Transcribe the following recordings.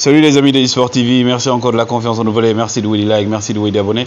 Salut les amis de sport TV, merci encore de la confiance en nous voler, merci de vous like, merci de vous abonner.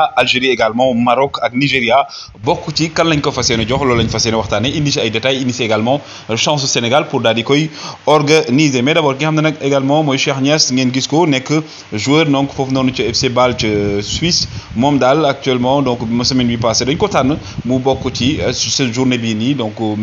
Algérie également Maroc et Nigeria beaucoup ci kan lañ ko fas yéene jox loolu lañ fas yéene indi détails indi également chance au Sénégal pour daal organiser mais d'abord il ki a également Moïse Cheikh qui est gis joueur donc foofu noonu de FC Balch Suisse Momdal actuellement donc semaine bi passe. dañ ko tànn mu de ci cette euh, journée bii donc euh,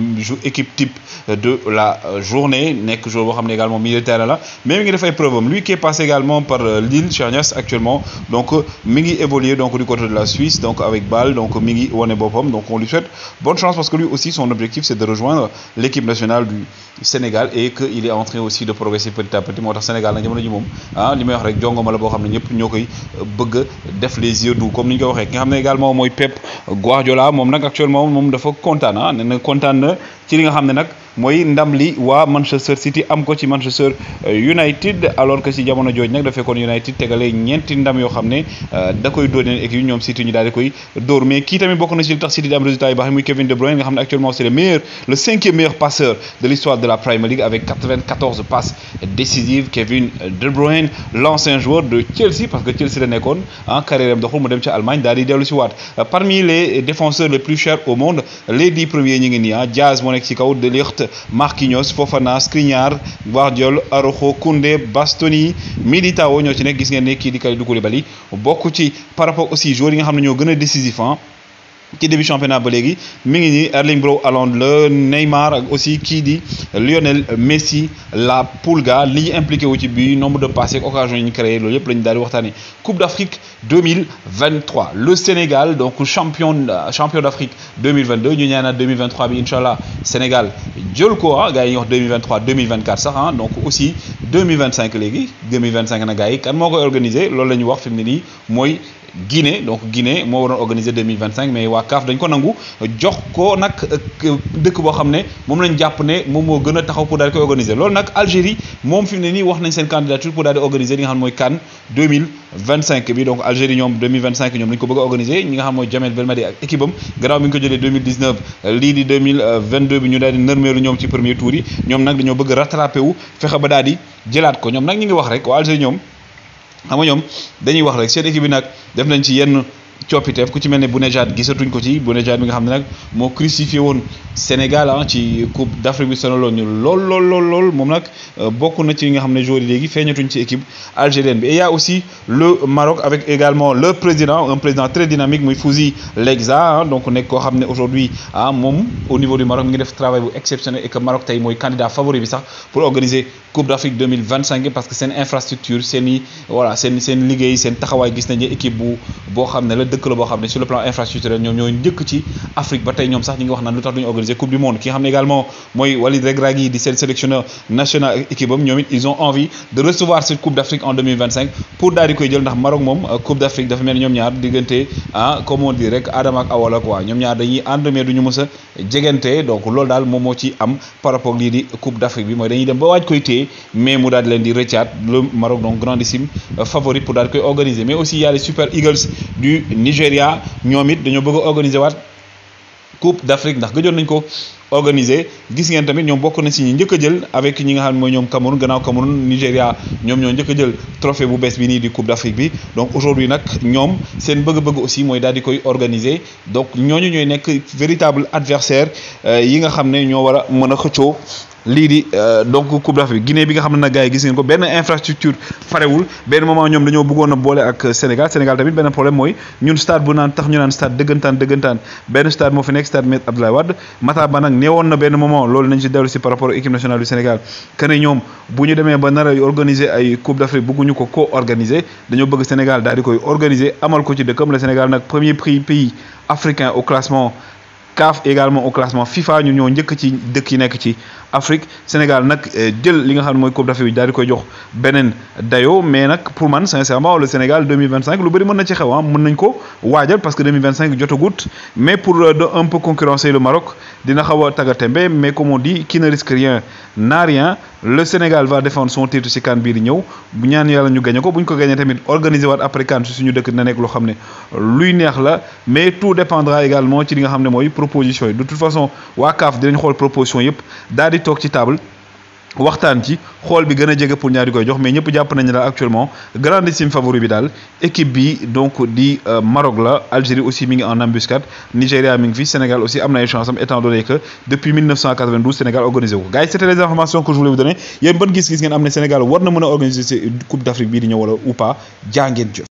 équipe type euh, de la journée nek joueur également militaire là. mais il fait def preuve lui qui est passé également par Lille Cheikh actuellement donc il ngi évoluer donc côté de la Suisse, donc avec Bâle, donc Migi Wanebopom. Donc on lui souhaite bonne chance parce que lui aussi, son objectif, c'est de rejoindre l'équipe nationale du Sénégal et qu'il est en train aussi de progresser petit à petit. dans le Sénégal je jamono ji moom ah li may wax rek jongoma la boo Je suis bëgg def les yeux doux comme nous ñu ko waxee ki également mooy Pep Guardiola moom actuellement moom dafa kontaan ah nee na na ci moy ndam li Manchester City am ko ci Manchester euh, United alors que ci jamono jooju nag dafay kon United tegale ñenti ndam yo xam euh, da koy doone neen équipe ñoom City ñu dal di koy dóor mais kii tamit bokk na ci tax City di am résultat yu baax muy Kevin De Bruyne nga xam actuellement c'est le meilleur le cinquième meilleur passeur de l'histoire de la Premier League avec 94 passes décisives Kevin De Bruyne l'ancien joueur de Chelsea parce que Chelsea da nekkone en hein, carrière am doxul mu dem ci Allemagne daal di dellu parmi les défenseurs les plus chers au monde les dix premiers ñi ngi ni ah hein, Diaz moo ci kaw De Ligt Marquinhos Fofana Skriniar Guardiol Araujo Koundé Bastoni Militao ñoo ci nekk gis ngeen ne kii di Kalidou Koulibaly bokk ci par rapport aussi joueurs yi nga xam ne ñoo gën a décisif ci début championnat ba léegi mi ngi nii Erling Braut Haaland la Neymar aussi kii di Lionel Messi la Pulga li ñu impliqué wu ci bi nombre de passes ak occasion yi ñu créé loolu yëpp la ñu daal di waxtaanee Coupe d'Afrique 2023 le Sénégal donc champion euh, champion d'Afrique 2022 ñu ñaanal 2023 Sénégal jël ko ah gars yi ñuy wax ah. donc aussi 2025 na gars yi kan moo organisé loolu la ñu wax fi mu nii mooy. Guinée donc Guinée moo waroon organiser 2025 mais waa CAF dañ ko nangu jox ko nag euh, dëkk boo xam ne moom lañ jàpp ne moom moo gën a taxaw pour daal di koy organiser loolu nag Algérie moom fi mu ne nii wax nañ seen candidature pour daal di organiser li nga xam mooy CAN 2025 bi donc Algérie ñoom 2025 ñoom lañ ko bëgg a organiser ñi nga xam mooy Djamel Belmadi bi ñu ko daal di nërmeelu ñoom ci premier tour yi ñoom nag ñu ngi wax rek waa Algérie ñoom. xam ñoom dañuy wax rek seen équipe bi nag def nañ ci yenn coppiteef ku ci mel ne Bounedjah gisatuñ ko ci Bounedjah bi nga xam ne nag moo crucifié woon Sénégal ah ci coupe d' Afrique bi sonaloon ñu lool lool lool lool moom nag euh, bokk na ci nga xam ne joueurs léegi feeñatuñ ci équipe algérienne bi et y' a aussi le Maroc avec également le président un président très dynamique muy Fouzi legza ah, donc nekk koo xam ne aujourd'hui ah moom au niveau du Maroc mi ngi def travail bu exceptionnel et que Maroc tey mooy candidat favori bi sax pour organiser Coupe d'Afrique 2025 parce que c'est une infrastructure c'est i voilà une ligue, c'est seen taxawaay gis nañu équipe bu boo xam ne la dëkk la boo sur le plan infrastructurel ñom ñoy ñëk ci Afrique ba tay ñom sax ñi nga wax na lutax tax duñu organiser Coupe du Monde ki xamné également moy Walid Regragui di seen sélectionneur national équipe bam ñoom it ils ont envie de recevoir cette Coupe d'Afrique en 2025 pour daal di koy jël ndax Maroc mom euh, Coupe d'Afrique dafa mel ñom ñaar diggante hein comme on dit rek Adam ak Awa quoi ñom ñaar dañuy ànd mais duñu mës a donc lool dal mom mo ci am par rapport di Coupe d'Afrique bi moy dañuy dem ba waaj koy téye mais mu daal di le Maroc donc grandissime euh, favori pour organiser mais aussi il y a les Super Eagles du Nigeria, Nyomit de dañoo bëgg organiser Coupe d'Afrique organisé gis ngeen tamit ñoom bokk na si ñi njëkk jël avec ñi nga xam ne mooy ñoom Cameroun gannaaw Cameroun nigeria ñoom ñoo njëkk jël trophée bu bees bi nii di Coupe d'Afrique bi donc aujourd'hui nag ñoom seen bëgg-bëgg aussi mooy daal di koy organiser donc ñooñu ñooy nekk véritable adversaire euh, yi nga xam ne ñoo war a mën a xëccoo lii di euh, donc Coupe d'Afrique Guinée bi nga xam ne nag gars yi gis ngeen ko benn infrastructure farewul benn moment ñoom dañoo bëggoon a boole ak Sénégal Sénégal tamit benn problème mooy ñun stade bu naan tax ñu naan stade dëggantaan dëggantaan benn stade moo fi nekk stade Me Abdoulaye Wade mata Ba nag néewoon na un moment lolou nañ ci si par rapport équipe nationale du Sénégal que ne ñom organisé démé ba a organiser ay coupe d'Afrique Afrique bëgguñu ko co organiser dañu bëgg Sénégal daal di koy organiser amal ko ci comme le Sénégal nak premier pays africain au classement CAF également au classement FIFA ñu ñoo ñëk ci dëkk yi nekk Afrique Sénégal nak eh, jël li nga xamne moy Coupe d'Afrique bi daal di koy jox benen dayo mais nak pour man sincèrement le Sénégal 2025 lu bari mën na ci xew ah mën nañ ko parce que 2025 jotagut mais pour euh, de un peu concurrencer le Maroc dina xaw tagatembe mais comme on dit qui ne risque rien n'a rien le Sénégal va défendre son titre ci CAN bi di ñew bu ñaan Yalla ñu gagné ko buñ ko gagné tamit organiser waat après CAN suñu dëkk na nek loo xamne luy neex la mais tout dépendra également ci li nga xamne moy proposition de toute façon wa CAF dinañ xol proposition yépp dal di ci table waxtaan ci xol bi gëna a pour ñaar di koy jox mais ñëpp japp nañu daal actuellement grandissime favori bi dal équipe bi donc di euh, Maroc la Algérie aussi mi ngi en embuscade Nigeria mi ngi fi Sénégal aussi am na chance am étant donné que depuis 1992 Sénégal organisé ko gars c'était les informations que je voulais vous donner yéen ban gis-gis ngeen am ne Sénégal war na mëna organisé organiser coupe d'Afrique bi di ñëw wala ou pas jaa ngeen